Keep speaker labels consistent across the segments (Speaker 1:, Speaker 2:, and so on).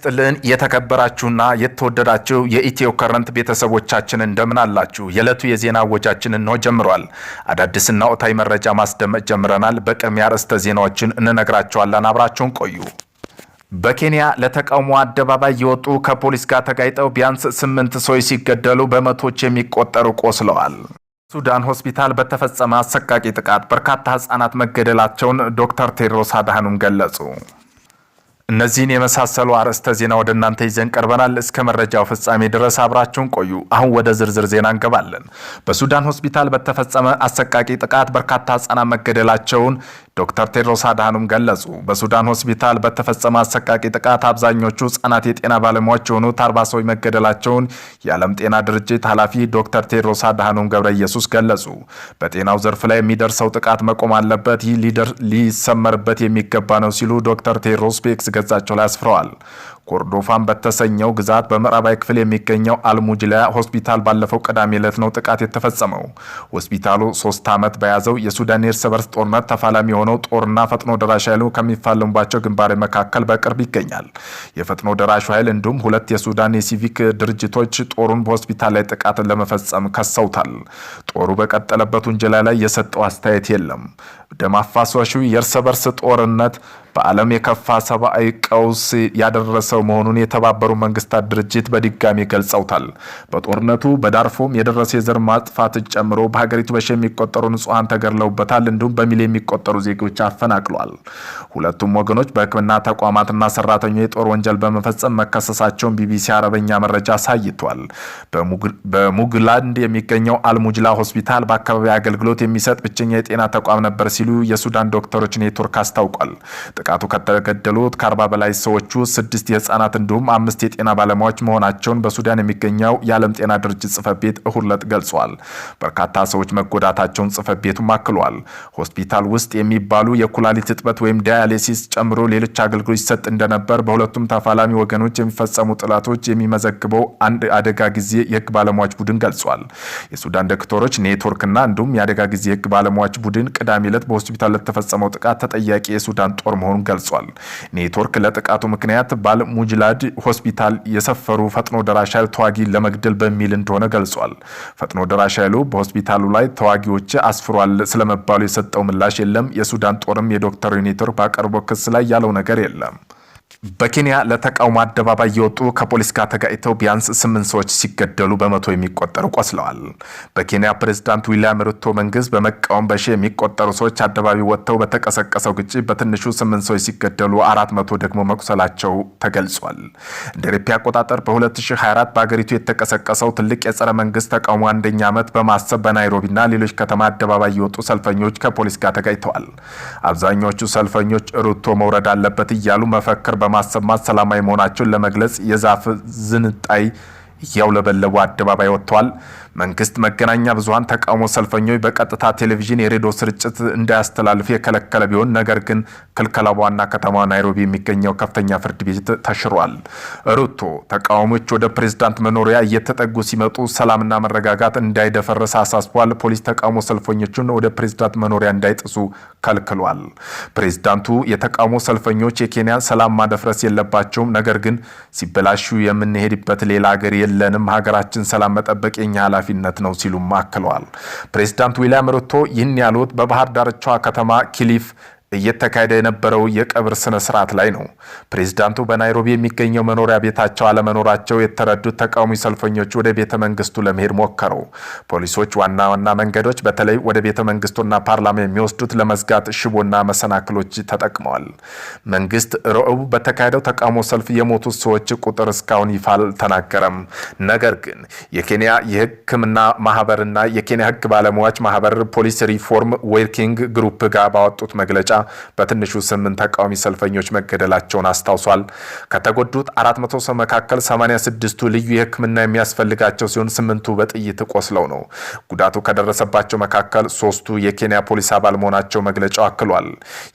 Speaker 1: ይስጥልን የተከበራችሁና የተወደዳችሁ የኢትዮ ከረንት ቤተሰቦቻችን እንደምን አላችሁ? የዕለቱ የዜና ወጃችን እንሆ ጀምሯል። አዳዲስና ወቅታዊ መረጃ ማስደመጥ ጀምረናል። በቅድሚያ ርዕሰ ዜናዎችን እንነግራችኋለን። አብራችሁን ቆዩ። በኬንያ ለተቃውሞ አደባባይ የወጡ ከፖሊስ ጋር ተጋይጠው ቢያንስ ስምንት ሰዎች ሲገደሉ በመቶዎች የሚቆጠሩ ቆስለዋል። ሱዳን ሆስፒታል በተፈጸመ አሰቃቂ ጥቃት በርካታ ህጻናት መገደላቸውን ዶክተር ቴድሮስ አድሃኖም ገለጹ። እነዚህን የመሳሰሉ አርዕስተ ዜና ወደ እናንተ ይዘን ቀርበናል። እስከ መረጃው ፍጻሜ ድረስ አብራችሁን ቆዩ። አሁን ወደ ዝርዝር ዜና እንገባለን። በሱዳን ሆስፒታል በተፈጸመ አሰቃቂ ጥቃት በርካታ ህጻናት መገደላቸውን ዶክተር ቴድሮስ አድሃኖም ገለጹ። በሱዳን ሆስፒታል በተፈጸመ አሰቃቂ ጥቃት አብዛኞቹ ህጻናት የጤና ባለሙያዎች የሆኑት አርባ ሰዎች መገደላቸውን የዓለም ጤና ድርጅት ኃላፊ ዶክተር ቴድሮስ አድሃኖም ገብረ ኢየሱስ ገለጹ። በጤናው ዘርፍ ላይ የሚደርሰው ጥቃት መቆም አለበት፣ ይህ ሊሰመርበት የሚገባ ነው ሲሉ ዶክተር ቴድሮስ በኤክስ ገጻቸው ላይ አስፍረዋል። ኮርዶፋን በተሰኘው ግዛት በምዕራባዊ ክፍል የሚገኘው አልሙጅላ ሆስፒታል ባለፈው ቅዳሜ ዕለት ነው ጥቃት የተፈጸመው። ሆስፒታሉ ሶስት ዓመት በያዘው የሱዳን የእርስ በርስ ጦርነት ተፋላሚ የሆነው ጦርና ፈጥኖ ደራሽ ኃይሉ ከሚፋለሙባቸው ግንባር መካከል በቅርብ ይገኛል። የፈጥኖ ደራሹ ኃይል እንዲሁም ሁለት የሱዳን የሲቪክ ድርጅቶች ጦሩን በሆስፒታል ላይ ጥቃት ለመፈጸም ከሰውታል። ጦሩ በቀጠለበት ውንጀላ ላይ የሰጠው አስተያየት የለም። ደም አፋሳሹ የእርስ በርስ ጦርነት በዓለም የከፋ ሰብአዊ ቀውስ ያደረሰው መሆኑን የተባበሩ መንግስታት ድርጅት በድጋሚ ገልጸውታል። በጦርነቱ በዳርፎም የደረሰ የዘር ማጥፋት ጨምሮ በሀገሪቱ በሺ የሚቆጠሩ ንጹሐን ተገድለውበታል። እንዲሁም በሚል የሚቆጠሩ ዜጎች አፈናቅሏል። ሁለቱም ወገኖች በሕክምና ተቋማትና ሰራተኞች የጦር ወንጀል በመፈጸም መከሰሳቸውን ቢቢሲ አረበኛ መረጃ አሳይቷል። በሙግላንድ የሚገኘው አልሙጅላ ሆስፒታል በአካባቢ አገልግሎት የሚሰጥ ብቸኛ የጤና ተቋም ነበር ሲሉ የሱዳን ዶክተሮች ኔትወርክ አስታውቋል። ጥቃቱ ከተገደሉት ከአርባ በላይ ሰዎቹ ስድስት የህፃናት እንዲሁም አምስት የጤና ባለሙያዎች መሆናቸውን በሱዳን የሚገኘው የዓለም ጤና ድርጅት ጽፈት ቤት እሁድ ዕለት ገልጿል። በርካታ ሰዎች መጎዳታቸውን ጽፈ ቤቱም አክሏል። ሆስፒታል ውስጥ የሚባሉ የኩላሊት እጥበት ወይም ዳያሊሲስ ጨምሮ ሌሎች አገልግሎት ይሰጥ እንደነበር በሁለቱም ተፋላሚ ወገኖች የሚፈጸሙ ጥላቶች የሚመዘግበው አንድ አደጋ ጊዜ የህግ ባለሙያዎች ቡድን ገልጿል። የሱዳን ዶክተሮች ኔትወርክና እንዲሁም የአደጋ ጊዜ የህግ ባለሙያዎች ቡድን ቅዳሜ ዕለት በሆስፒታል ለተፈጸመው ጥቃት ተጠያቂ የሱዳን ጦር መሆኑ መሆኑን ገልጿል። ኔትወርክ ለጥቃቱ ምክንያት ባል ሙጅላድ ሆስፒታል የሰፈሩ ፈጥኖ ደራሽ ኃይል ተዋጊ ለመግደል በሚል እንደሆነ ገልጿል። ፈጥኖ ደራሽ ኃይሉ በሆስፒታሉ ላይ ተዋጊዎች አስፍሯል ስለመባሉ የሰጠው ምላሽ የለም። የሱዳን ጦርም የዶክተር ኔትወርክ ባቀርቦ ክስ ላይ ያለው ነገር የለም። በኬንያ ለተቃውሞ አደባባይ የወጡ ከፖሊስ ጋር ተጋጭተው ቢያንስ ስምንት ሰዎች ሲገደሉ በመቶ የሚቆጠሩ ቆስለዋል። በኬንያ ፕሬዝዳንት ዊልያም ሩቶ መንግስት በመቃወም በሺ የሚቆጠሩ ሰዎች አደባባይ ወጥተው በተቀሰቀሰው ግጭት በትንሹ ስምንት ሰዎች ሲገደሉ አራት መቶ ደግሞ መቁሰላቸው ተገልጿል። እንደ አውሮፓውያን አቆጣጠር በ2024 በሀገሪቱ የተቀሰቀሰው ትልቅ የጸረ መንግስት ተቃውሞ አንደኛ ዓመት በማሰብ በናይሮቢና ሌሎች ከተማ አደባባይ የወጡ ሰልፈኞች ከፖሊስ ጋር ተጋጭተዋል። አብዛኞቹ ሰልፈኞች ሩቶ መውረድ አለበት እያሉ መፈክር በማሰማት ሰላማዊ መሆናቸውን ለመግለጽ የዛፍ ዝንጣይ እያውለበለቡ አደባባይ ወጥተዋል። መንግስት መገናኛ ብዙሀን ተቃውሞ ሰልፈኞች በቀጥታ ቴሌቪዥን፣ የሬዲዮ ስርጭት እንዳያስተላልፍ የከለከለ ቢሆን ነገር ግን ክልከላው በዋና ከተማ ናይሮቢ የሚገኘው ከፍተኛ ፍርድ ቤት ተሽሯል። ሩቶ ተቃዋሚዎች ወደ ፕሬዝዳንት መኖሪያ እየተጠጉ ሲመጡ ሰላምና መረጋጋት እንዳይደፈረስ አሳስቧል። ፖሊስ ተቃውሞ ሰልፈኞቹን ወደ ፕሬዝዳንት መኖሪያ እንዳይጥሱ ከልክሏል። ፕሬዝዳንቱ የተቃውሞ ሰልፈኞች የኬንያ ሰላም ማደፍረስ የለባቸውም፣ ነገር ግን ሲበላሹ የምንሄድበት ሌላ ሀገር የለንም። ሀገራችን ሰላም መጠበቅ የኛ ኃላፊ ኃላፊነት ነው ሲሉም አክለዋል። ፕሬዚዳንት ዊልያም ሩቶ ይህን ያሉት በባህር ዳርቻዋ ከተማ ኪሊፍ እየተካሄደ የነበረው የቀብር ስነ ስርዓት ላይ ነው። ፕሬዚዳንቱ በናይሮቢ የሚገኘው መኖሪያ ቤታቸው አለመኖራቸው የተረዱት ተቃዋሚ ሰልፈኞች ወደ ቤተ መንግስቱ ለመሄድ ሞከሩ። ፖሊሶች ዋና ዋና መንገዶች በተለይ ወደ ቤተ መንግስቱና ፓርላማ የሚወስዱት ለመዝጋት ሽቦና መሰናክሎች ተጠቅመዋል። መንግስት ረቡዕ በተካሄደው ተቃውሞ ሰልፍ የሞቱት ሰዎች ቁጥር እስካሁን ይፋ አልተናገረም። ነገር ግን የኬንያ የህክምና ማህበርና የኬንያ ህግ ባለሙያዎች ማህበር ፖሊስ ሪፎርም ወርኪንግ ግሩፕ ጋር ባወጡት መግለጫ በትንሹ ስምንት ተቃዋሚ ሰልፈኞች መገደላቸውን አስታውሷል። ከተጎዱት 400 ሰው መካከል 86ቱ ልዩ የሕክምና የሚያስፈልጋቸው ሲሆን ስምንቱ በጥይት ቆስለው ነው። ጉዳቱ ከደረሰባቸው መካከል ሶስቱ የኬንያ ፖሊስ አባል መሆናቸው መግለጫው አክሏል።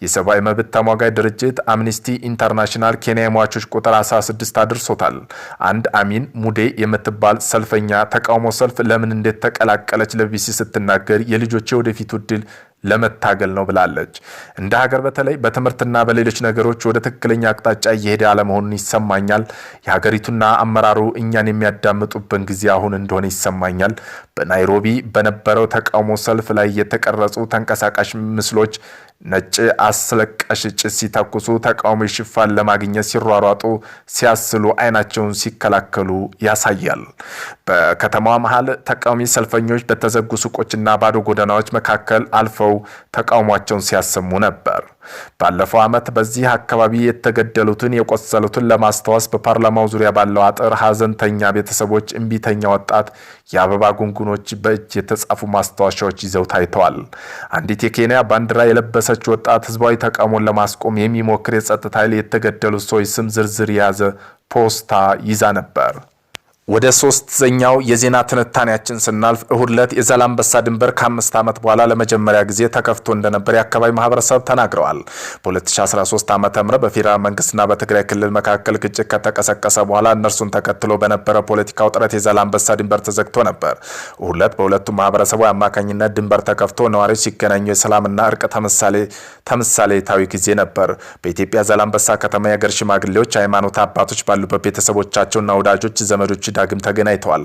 Speaker 1: የሰብአዊ መብት ተሟጋይ ድርጅት አምኒስቲ ኢንተርናሽናል ኬንያ የሟቾች ቁጥር 16 አድርሶታል። አንድ አሚን ሙዴ የምትባል ሰልፈኛ ተቃውሞ ሰልፍ ለምን እንዴት ተቀላቀለች ለቢሲ ስትናገር የልጆቼ ወደፊት ውድል? ለመታገል ነው ብላለች። እንደ ሀገር በተለይ በትምህርትና በሌሎች ነገሮች ወደ ትክክለኛ አቅጣጫ እየሄደ አለመሆኑን ይሰማኛል። የሀገሪቱና አመራሩ እኛን የሚያዳምጡብን ጊዜ አሁን እንደሆነ ይሰማኛል። በናይሮቢ በነበረው ተቃውሞ ሰልፍ ላይ የተቀረጹ ተንቀሳቃሽ ምስሎች ነጭ አስለቃሽ ጭስ ሲተኩሱ፣ ተቃውሞ ሽፋን ለማግኘት ሲሯሯጡ፣ ሲያስሉ፣ አይናቸውን ሲከላከሉ ያሳያል። በከተማዋ መሀል ተቃዋሚ ሰልፈኞች በተዘጉ ሱቆችና ባዶ ጎዳናዎች መካከል አልፈው ተቃውሟቸውን ሲያሰሙ ነበር። ባለፈው ዓመት በዚህ አካባቢ የተገደሉትን የቆሰሉትን ለማስታወስ በፓርላማው ዙሪያ ባለው አጥር ሀዘንተኛ ቤተሰቦች፣ እምቢተኛ ወጣት፣ የአበባ ጉንጉኖች፣ በእጅ የተጻፉ ማስታወሻዎች ይዘው ታይተዋል። አንዲት የኬንያ ባንዲራ የለበሰች ወጣት ህዝባዊ ተቃውሞን ለማስቆም የሚሞክር የጸጥታ ኃይል የተገደሉት ሰዎች ስም ዝርዝር የያዘ ፖስታ ይዛ ነበር። ወደ ሶስተኛው የዜና ትንታኔያችን ስናልፍ እሁድ ዕለት የዛላምበሳ ድንበር ከአምስት ዓመት በኋላ ለመጀመሪያ ጊዜ ተከፍቶ እንደነበር የአካባቢ ማህበረሰብ ተናግረዋል። በ2013 ዓ ም በፌዴራል መንግስትና በትግራይ ክልል መካከል ግጭት ከተቀሰቀሰ በኋላ እነርሱን ተከትሎ በነበረ ፖለቲካ ውጥረት የዛላምበሳ ድንበር ተዘግቶ ነበር። እሁድ ዕለት በሁለቱም ማህበረሰቦች አማካኝነት ድንበር ተከፍቶ ነዋሪዎች ሲገናኙ የሰላምና እርቅ ተምሳሌታዊ ጊዜ ነበር። በኢትዮጵያ ዛላምበሳ ከተማ የአገር ሽማግሌዎች፣ ሃይማኖት አባቶች ባሉበት ቤተሰቦቻቸውና ወዳጆች ዘመዶች ዳግም ተገናኝተዋል።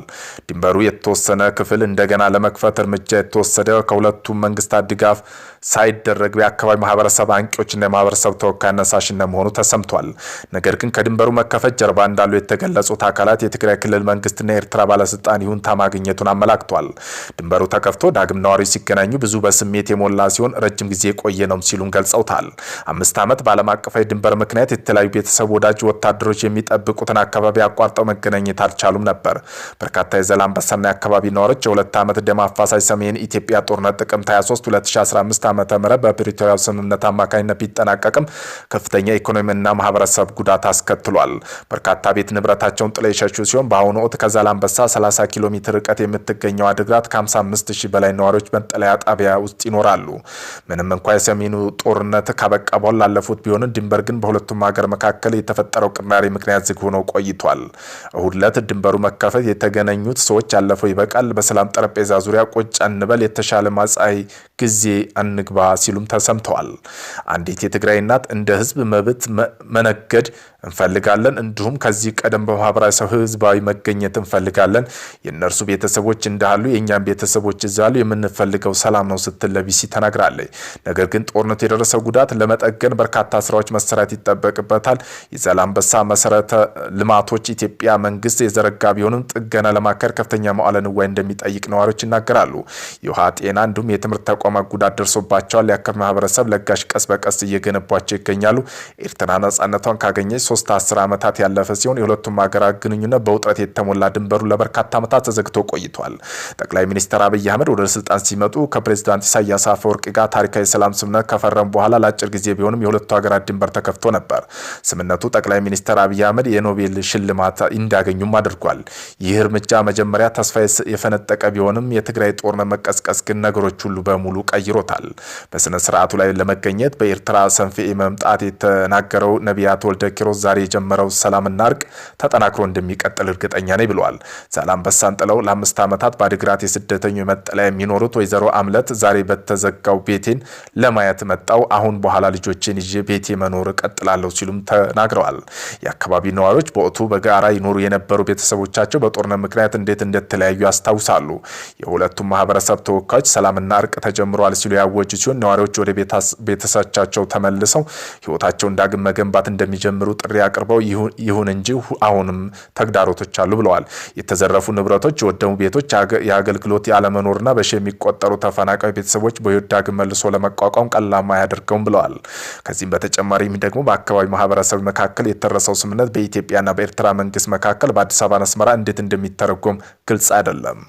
Speaker 1: ድንበሩ የተወሰነ ክፍል እንደገና ለመክፈት እርምጃ የተወሰደ ከሁለቱም መንግስታት ድጋፍ ሳይደረግ የአካባቢ ማህበረሰብ አንቂዎችና የማህበረሰብ ተወካይ አነሳሽ መሆኑ ተሰምቷል። ነገር ግን ከድንበሩ መከፈት ጀርባ እንዳሉ የተገለጹት አካላት የትግራይ ክልል መንግስትና የኤርትራ ባለስልጣን ይሁንታ ማግኘቱን አመላክቷል። ድንበሩ ተከፍቶ ዳግም ነዋሪ ሲገናኙ ብዙ በስሜት የሞላ ሲሆን ረጅም ጊዜ የቆየ ነው ሲሉም ገልጸውታል። አምስት ዓመት በዓለም አቀፋዊ ድንበር ምክንያት የተለያዩ ቤተሰብ፣ ወዳጅ፣ ወታደሮች የሚጠብቁትን አካባቢ አቋርጠው መገናኘት አልቻሉም ሲሉም ነበር። በርካታ የዘላንበሳና የአካባቢ ነዋሪዎች የሁለት ዓመት ደም አፋሳሽ ሰሜን ኢትዮጵያ ጦርነት ጥቅምት 23 2015 ዓ ም በፕሪቶሪያው ስምምነት አማካኝነት ቢጠናቀቅም ከፍተኛ ኢኮኖሚና ማህበረሰብ ጉዳት አስከትሏል። በርካታ ቤት ንብረታቸውን ጥለው የሸሹ ሲሆን በአሁኑ ወቅት ከዛላንበሳ 30 ኪሎ ሜትር ርቀት የምትገኘው አድግራት ከ55 ሺህ በላይ ነዋሪዎች መጠለያ ጣቢያ ውስጥ ይኖራሉ። ምንም እንኳ የሰሜኑ ጦርነት ካበቃ በኋላ ላለፉት ቢሆንም ድንበር ግን በሁለቱም ሀገር መካከል የተፈጠረው ቅራኔ ምክንያት ዝግ ሆኖ ቆይቷል። እሁድ ዕለት ድንበሩ በሩ መከፈት የተገናኙት ሰዎች ያለፈው ይበቃል፣ በሰላም ጠረጴዛ ዙሪያ ቁጭ እንበል፣ የተሻለ ማጻይ ጊዜ አንግባ ሲሉም ተሰምተዋል። አንዲት የትግራይ እናት እንደ ህዝብ መብት መነገድ እንፈልጋለን፣ እንዲሁም ከዚህ ቀደም በማህበረሰብ ህዝባዊ መገኘት እንፈልጋለን። የእነርሱ ቤተሰቦች እንዳሉ የእኛም ቤተሰቦች እዛሉ፣ የምንፈልገው ሰላም ነው ስትል ለቢሲ ተናግራለች። ነገር ግን ጦርነቱ የደረሰው ጉዳት ለመጠገን በርካታ ስራዎች መሰራት ይጠበቅበታል። የዛላምበሳ መሰረተ ልማቶች ኢትዮጵያ መንግስት የዘረጋ የተዘረጋ ቢሆንም ጥገና ለማካሄድ ከፍተኛ መዋለ ንዋይ እንደሚጠይቅ ነዋሪዎች ይናገራሉ። የውሃ ጤና፣ እንዲሁም የትምህርት ተቋማት ጉዳት ደርሶባቸዋል። የአካባቢ ማህበረሰብ ለጋሽ ቀስ በቀስ እየገነቧቸው ይገኛሉ። ኤርትራ ነጻነቷን ካገኘች ሶስት አስር ዓመታት ያለፈ ሲሆን የሁለቱም ሀገራት ግንኙነት በውጥረት የተሞላ ድንበሩ ለበርካታ ዓመታት ተዘግቶ ቆይቷል። ጠቅላይ ሚኒስትር አብይ አህመድ ወደ ስልጣን ሲመጡ ከፕሬዚዳንት ኢሳያስ አፈወርቂ ጋር ታሪካዊ ሰላም ስምነት ከፈረሙ በኋላ ለአጭር ጊዜ ቢሆንም የሁለቱ ሀገራት ድንበር ተከፍቶ ነበር። ስምነቱ ጠቅላይ ሚኒስትር አብይ አህመድ የኖቤል ሽልማት እንዲያገኙም አድርጓል። ተገኝቷል። ይህ እርምጃ መጀመሪያ ተስፋ የፈነጠቀ ቢሆንም የትግራይ ጦርነት መቀስቀስ ግን ነገሮች ሁሉ በሙሉ ቀይሮታል። በስነ ስርዓቱ ላይ ለመገኘት በኤርትራ ሰንፌ መምጣት የተናገረው ነቢያት ወልደ ኪሮስ ዛሬ የጀመረው ሰላምና እርቅ ተጠናክሮ እንደሚቀጥል እርግጠኛ ነኝ ብለዋል። ዛላምበሳን ጥለው ለአምስት ዓመታት በአዲግራት የስደተኞች መጠለያ የሚኖሩት ወይዘሮ አምለት ዛሬ በተዘጋው ቤቴን ለማየት መጣው። አሁን በኋላ ልጆችን ይዤ ቤቴ መኖር እቀጥላለሁ ሲሉም ተናግረዋል። የአካባቢ ነዋሪዎች በወቅቱ በጋራ ይኖሩ የነበሩ ቤተሰቦች ቤተሰቦቻቸው በጦርነት ምክንያት እንዴት እንደተለያዩ ያስታውሳሉ። የሁለቱም ማህበረሰብ ተወካዮች ሰላምና እርቅ ተጀምረዋል ሲሉ ያወጁ ሲሆን ነዋሪዎች ወደ ቤተሰቻቸው ተመልሰው ህይወታቸውን ዳግም መገንባት እንደሚጀምሩ ጥሪ አቅርበው ይሁን እንጂ አሁንም ተግዳሮቶች አሉ ብለዋል። የተዘረፉ ንብረቶች፣ የወደሙ ቤቶች፣ የአገልግሎት ያለመኖርና በሺ የሚቆጠሩ ተፈናቃይ ቤተሰቦች በህይወት ዳግም መልሶ ለመቋቋም ቀላማ አያደርገውም ብለዋል። ከዚህም በተጨማሪም ደግሞ በአካባቢ ማህበረሰብ መካከል የተረሰው ስምምነት በኢትዮጵያና በኤርትራ መንግስት መካከል በአዲስ አበባ አስመራ እንዴት እንደሚተረጎም ግልጽ አይደለም።